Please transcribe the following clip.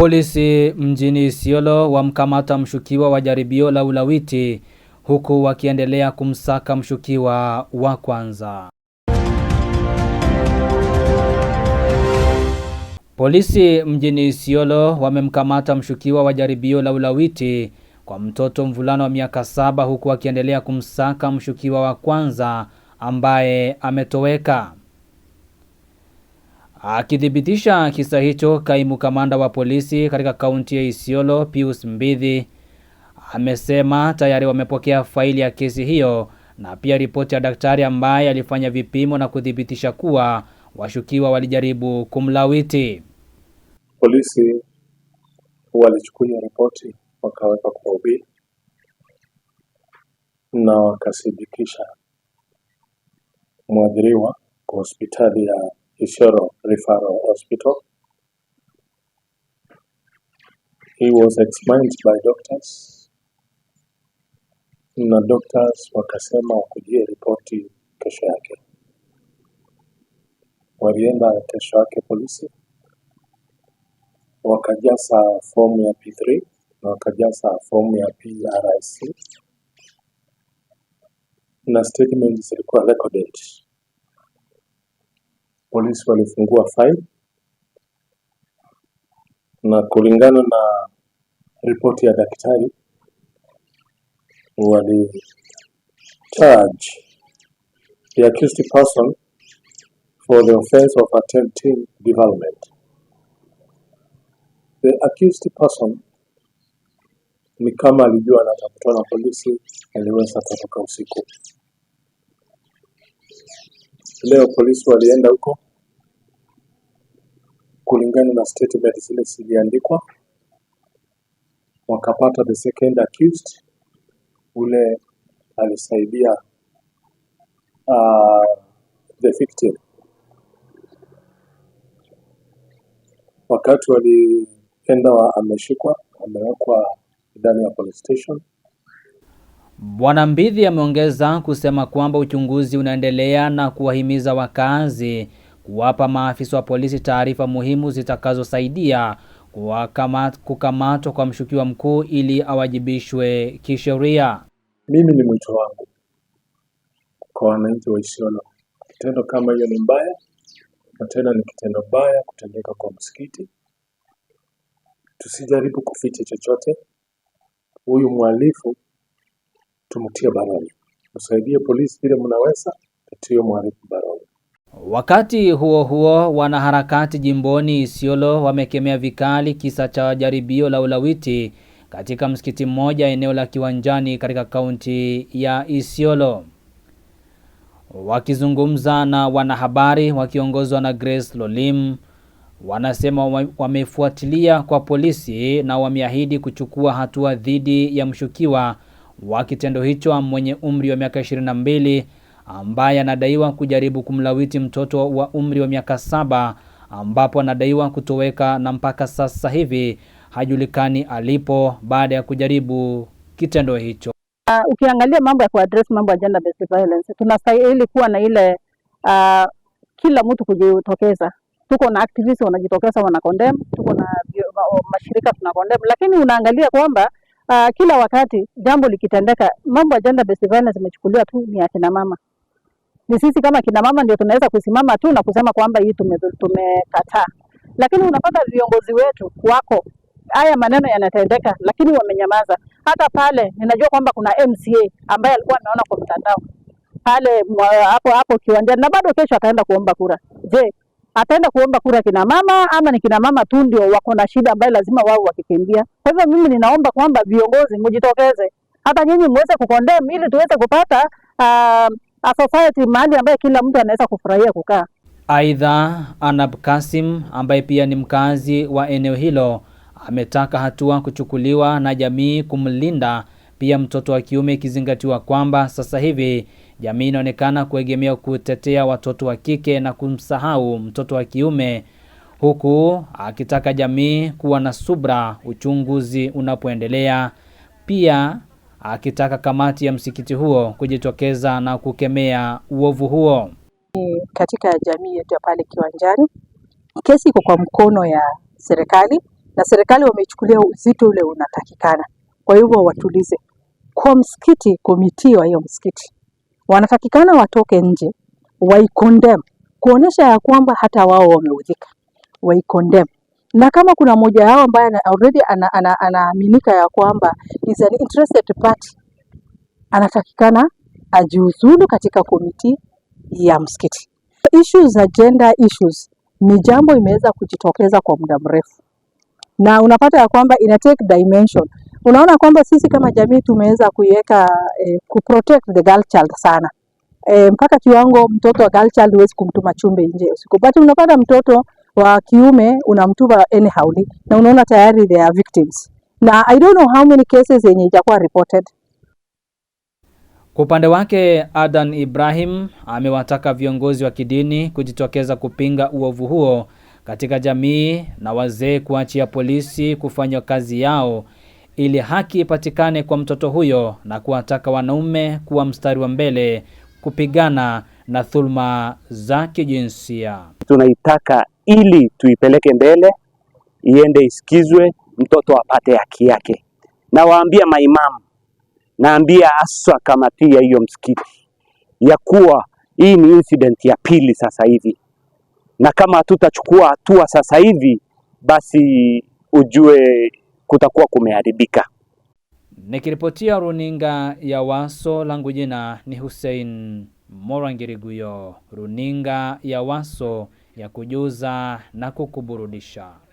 Polisi mjini Isiolo wamkamata mshukiwa wa jaribio la ulawiti huku wakiendelea kumsaka mshukiwa wa kwanza. Polisi mjini Isiolo wamemkamata mshukiwa wa jaribio la ulawiti kwa mtoto mvulana wa miaka saba huku wakiendelea kumsaka mshukiwa wa kwanza ambaye ametoweka. Akithibitisha kisa hicho, kaimu kamanda wa polisi katika kaunti ya Isiolo Pius Mbithi amesema tayari wamepokea faili ya kesi hiyo na pia ripoti ya daktari ambaye alifanya vipimo na kuthibitisha kuwa washukiwa walijaribu kumlawiti. Polisi walichukulia ripoti wakaweka kwa ubii na wakasindikisha mwadhiriwa kwa hospitali ya Ishoro Referral Hospital. He was examined by doctors na doctors wakasema wakujie ripoti kesho yake. Walienda kesho yake polisi, wakajaza fomu ya P3 na wakajaza fomu ya PRIC na statement zilikuwa recorded polisi walifungua faili na kulingana na ripoti ya daktari wali charge the accused person for the offense of attempting development. The accused person ni kama alijua anatafutwa na polisi, aliweza kutoka usiku. Leo polisi walienda huko kulingana na statement zile ziliandikwa, wakapata the second accused ule alisaidia uh, the victim wakati walienda, ameshikwa amewekwa ndani ya police station. Bwana Mbidhi ameongeza kusema kwamba uchunguzi unaendelea na kuwahimiza wakazi kuwapa maafisa wa polisi taarifa muhimu zitakazosaidia kukamatwa kwa mshukiwa mkuu ili awajibishwe kisheria. Mimi ni mwito wangu kwa wananchi wa Isiolo, kitendo kama hiyo ni mbaya na tena ni kitendo mbaya kutendeka kwa msikiti. Tusijaribu kuficha chochote, huyu mhalifu tumtie baroni, msaidie polisi vile mnaweza, tutie mhalifu baroni. Wakati huo huo, wanaharakati jimboni Isiolo wamekemea vikali kisa cha jaribio la ulawiti katika msikiti mmoja eneo la Kiwanjani katika kaunti ya Isiolo. Wakizungumza na wanahabari wakiongozwa na Grace Lolim, wanasema wamefuatilia kwa polisi na wameahidi kuchukua hatua dhidi ya mshukiwa wa kitendo hicho mwenye umri wa miaka 22 ambaye anadaiwa kujaribu kumlawiti mtoto wa umri wa miaka saba ambapo anadaiwa kutoweka na mpaka sasa hivi hajulikani alipo baada ya kujaribu kitendo hicho. Uh, ukiangalia mambo ya kuaddress mambo ya gender based violence tunastahili kuwa na ile uh, kila mtu kujitokeza. Tuko na activists wanajitokeza wanakondem, tuko na oh, mashirika tunakondem, lakini unaangalia kwamba Uh, kila wakati jambo likitendeka, mambo ya gender based violence zimechukuliwa tu ni akina mama. Ni sisi kama kina mama ndio tunaweza kusimama tu na kusema kwamba hii tumekataa, lakini unapata viongozi wetu wako haya maneno yanatendeka, lakini wamenyamaza. Hata pale ninajua kwamba kuna MCA ambaye alikuwa ameona kwa mtandao pale hapo hapo kiwanjani, na bado kesho akaenda kuomba kura. Je, ataenda kuomba kura kina mama ama ni kina mama tu ndio wako na shida ambayo lazima wao wakikimbia. Kwa hivyo mimi ninaomba kwamba viongozi mjitokeze, hata nyinyi mweze kukondem ili tuweze kupata uh, a society mahali ambayo kila mtu anaweza kufurahia kukaa. Aidha, Anab Kasim ambaye pia ni mkazi wa eneo hilo ametaka hatua kuchukuliwa na jamii kumlinda pia mtoto wa kiume, ikizingatiwa kwamba sasa hivi jamii inaonekana kuegemea kutetea watoto wa kike na kumsahau mtoto wa kiume, huku akitaka jamii kuwa na subra uchunguzi unapoendelea, pia akitaka kamati ya msikiti huo kujitokeza na kukemea uovu huo. Katika jamii yetu ya pale Kiwanjani, kesi iko kwa mkono ya serikali na serikali wamechukulia uzito ule unatakikana, kwa hivyo watulize kwa msikiti, komiti wa hiyo msikiti wanatakikana watoke nje waikondem, kuonesha ya kwamba hata wao wameudhika, waikondem. Na kama kuna mmoja wao ambaye already anaaminika ya kwamba is an interested party, anatakikana ajiuzulu katika komiti ya msikiti. Issues za gender issues ni jambo imeweza kujitokeza kwa muda mrefu, na unapata ya kwamba ina take dimension Unaona kwamba sisi kama jamii tumeweza kuiweka eh, protect the girl child sana eh, mpaka kiwango mtoto wa girl child huwezi kumtuma chumbe nje usiku, but unapata mtoto wa kiume unamtuma anyhowly na unaona tayari they are victims, na I don't know how many cases yenye ijakuwa reported. Kwa upande wake Adan Ibrahim amewataka viongozi wa kidini kujitokeza kupinga uovu huo katika jamii na wazee kuachia polisi kufanya kazi yao ili haki ipatikane kwa mtoto huyo na kuwataka wanaume kuwa mstari wa mbele kupigana na dhuluma za kijinsia. Tunaitaka ili tuipeleke mbele, iende isikizwe, mtoto apate haki yake. Nawaambia maimamu, naambia aswa kamati ya hiyo msikiti ya kuwa hii ni incident ya pili sasa hivi, na kama hatutachukua hatua sasa hivi, basi ujue kutakuwa kumeharibika. Nikiripotia runinga ya Waso, langu jina ni Hussein Morangiriguyo, runinga ya Waso ya kujuza na kukuburudisha.